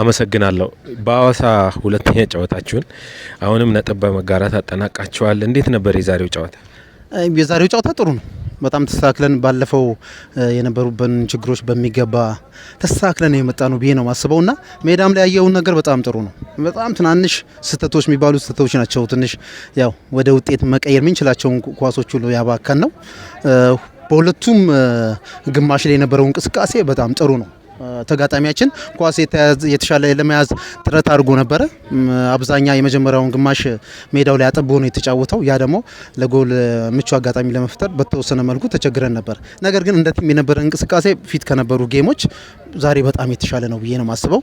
አመሰግናለሁ። በአዋሳ ሁለተኛ ጨዋታችሁን አሁንም ነጥብ በመጋራት አጠናቃችኋል። እንዴት ነበር የዛሬው ጨዋታ? የዛሬው ጨዋታ ጥሩ ነው። በጣም ተስተካክለን ባለፈው የነበሩብን ችግሮች በሚገባ ተስተካክለን የመጣ ነው ብዬ ነው ማስበው እና ሜዳም ላይ ያየውን ነገር በጣም ጥሩ ነው። በጣም ትናንሽ ስህተቶች የሚባሉ ስህተቶች ናቸው። ትንሽ ያው ወደ ውጤት መቀየር የምንችላቸውን ኳሶች ሁሉ ያባከን ነው። በሁለቱም ግማሽ ላይ የነበረው እንቅስቃሴ በጣም ጥሩ ነው። ተጋጣሚያችን ኳስ የተሻለ ለመያዝ ጥረት አድርጎ ነበረ። አብዛኛ የመጀመሪያውን ግማሽ ሜዳው ላይ አጠብ ሆኖ የተጫወተው ያ ደግሞ ለጎል ምቹ አጋጣሚ ለመፍጠር በተወሰነ መልኩ ተቸግረን ነበር። ነገር ግን እንደ ቲም የነበረ እንቅስቃሴ ፊት ከነበሩ ጌሞች ዛሬ በጣም የተሻለ ነው ብዬ ነው የማስበው።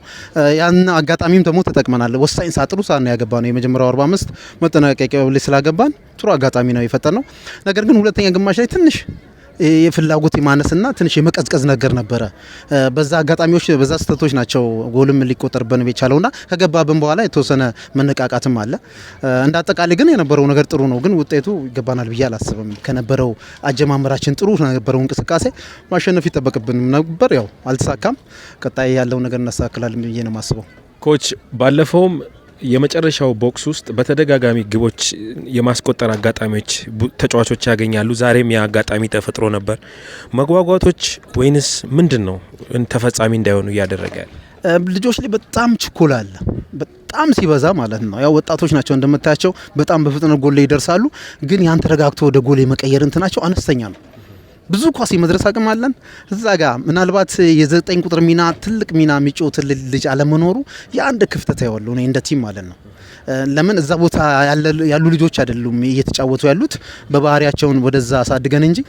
ያን አጋጣሚም ደግሞ ተጠቅመናል። ወሳኝ ሳጥሩ ነው ያገባ ነው የመጀመሪያው 45 መጠናቀቂያ ላይ ስላገባን ጥሩ አጋጣሚ ነው የፈጠር ነው። ነገር ግን ሁለተኛ ግማሽ ላይ ትንሽ የፍላጎት የማነስና ትንሽ የመቀዝቀዝ ነገር ነበረ። በዛ አጋጣሚዎች በዛ ስህተቶች ናቸው ጎልም ሊቆጠርብን የቻለውና ከገባብን በኋላ የተወሰነ መነቃቃትም አለ። እንደ ግን የነበረው ነገር ጥሩ ነው፣ ግን ውጤቱ ይገባናል ብዬ አላስብም። ከነበረው አጀማመራችን ጥሩ ነበረው እንቅስቃሴ ማሸነፍ ይጠበቅብን ነበር። ያው አልተሳካም። ቀጣይ ያለው ነገር እናስተካክላለን ብዬ ነው የማስበው። ኮች ባለፈውም የመጨረሻው ቦክስ ውስጥ በተደጋጋሚ ግቦች የማስቆጠር አጋጣሚዎች ተጫዋቾች ያገኛሉ። ዛሬም ያ አጋጣሚ ተፈጥሮ ነበር። መጓጓቶች ወይንስ ምንድን ነው ተፈጻሚ እንዳይሆኑ እያደረገ ያለ? ልጆች ላይ በጣም ችኮላ አለ፣ በጣም ሲበዛ ማለት ነው። ያው ወጣቶች ናቸው እንደምታያቸው፣ በጣም በፍጥነት ጎል ላይ ይደርሳሉ። ግን ያን ተረጋግቶ ወደ ጎል የመቀየር እንትናቸው አነስተኛ ነው። ብዙ ኳስ የመድረስ አቅም አለን። እዛ ጋ ምናልባት የዘጠኝ ቁጥር ሚና ትልቅ ሚና የሚጫወትልን ልጅ አለመኖሩ የአንድ ክፍተት ያወለው እኔ እንደ ቲም ማለት ነው። ለምን እዛ ቦታ ያሉ ልጆች አይደሉም እየተጫወቱ ያሉት በባህሪያቸውን ወደዛ አሳድገን እንጂ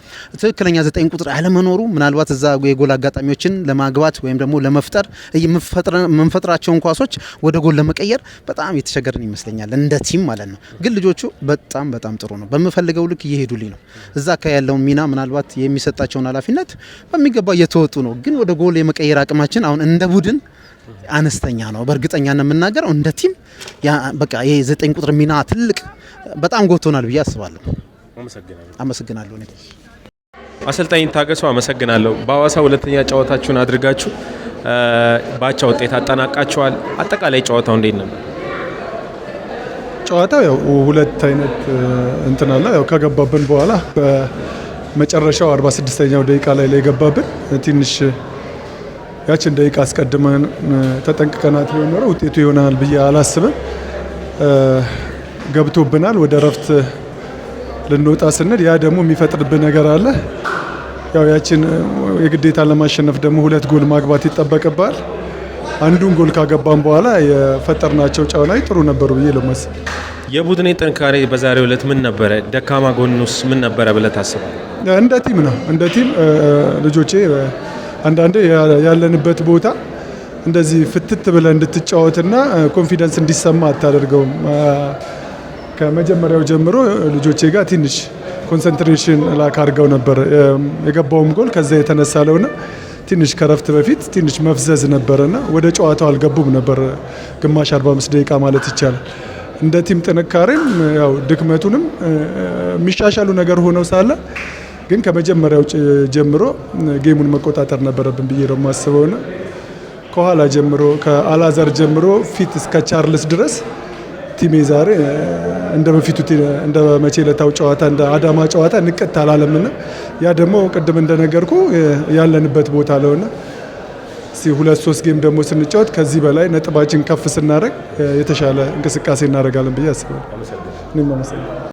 ትክክለኛ ዘጠኝ ቁጥር አለመኖሩ ምናልባት እዛ የጎል አጋጣሚዎችን ለማግባት ወይም ደግሞ ለመፍጠር የምንፈጥራቸውን ኳሶች ወደ ጎል ለመቀየር በጣም የተቸገርን ይመስለኛል እንደ ቲም ማለት ነው። ግን ልጆቹ በጣም በጣም ጥሩ ነው። በምፈልገው ልክ እየሄዱልኝ ነው። እዛ ካ ያለውን ሚና ምናልባት የሚሰጣቸውን ኃላፊነት በሚገባ እየተወጡ ነው። ግን ወደ ጎል የመቀየር አቅማችን አሁን እንደ ቡድን አነስተኛ ነው። በእርግጠኛ ነው የምናገረው እንደ ቲም በቃ ይሄ ዘጠኝ ቁጥር ሚና ትልቅ በጣም ጎቶናል ብዬ አስባለሁ። አመሰግናለሁ። አሰልጣኝ ታገሱ አመሰግናለሁ። በሐዋሳ ሁለተኛ ጨዋታችሁን አድርጋችሁ ባቻ ውጤት አጠናቃችኋል። አጠቃላይ ጨዋታው እንዴት ነበር? ጨዋታው ያው ሁለት አይነት እንትን አለ። ያው ከገባብን በኋላ በመጨረሻው 46ኛው ደቂቃ ላይ ላይ ገባብን ትንሽ ያችን ደቂቃ አስቀድመን ተጠንቅቀናት ቢሆን ኖሮ ውጤቱ ይሆናል ብዬ አላስብም። ገብቶብናል። ወደ እረፍት ልንወጣ ስንል ያ ደግሞ የሚፈጥርብን ነገር አለ። ያው ያችን የግዴታ ለማሸነፍ ደግሞ ሁለት ጎል ማግባት ይጠበቅባል። አንዱን ጎል ካገባን በኋላ የፈጠርናቸው ጫናዎች ጥሩ ነበሩ ብዬ ለመስ የቡድኔ ጥንካሬ በዛሬ ዕለት ምን ነበረ? ደካማ ጎኑስ ምን ነበረ ብለ ታስባል? እንደ ቲም ነው እንደ ቲም ልጆቼ አንዳንዴ ያለንበት ቦታ እንደዚህ ፍትት ብለ እንድትጫወትና ኮንፊደንስ እንዲሰማ አታደርገውም። ከመጀመሪያው ጀምሮ ልጆቼ ጋር ትንሽ ኮንሰንትሬሽን ላክ አድርገው ነበር። የገባውም ጎል ከዛ የተነሳ ለሆነ ትንሽ ከረፍት በፊት ትንሽ መፍዘዝ ነበረና ወደ ጨዋታው አልገቡም ነበር ግማሽ 45 ደቂቃ ማለት ይቻላል። እንደ ቲም ጥንካሬም ያው ድክመቱንም የሚሻሻሉ ነገር ሆነው ሳለ ግን ከመጀመሪያው ጀምሮ ጌሙን መቆጣጠር ነበረብን ብዬ ነው የማስበው። ነው ከኋላ ጀምሮ ከአላዛር ጀምሮ ፊት እስከ ቻርልስ ድረስ ቲሜ ዛሬ እንደ በፊቱ እንደ መቼ ለታው ጨዋታ እንደ አዳማ ጨዋታ ንቀት አላለምና ያ ደግሞ ቅድም እንደነገርኩ ያለንበት ቦታ ለሆነ ሁለት ሶስት ጌም ደግሞ ስንጫወት ከዚህ በላይ ነጥባችን ከፍ ስናደረግ የተሻለ እንቅስቃሴ እናደርጋለን ብዬ አስባለሁ።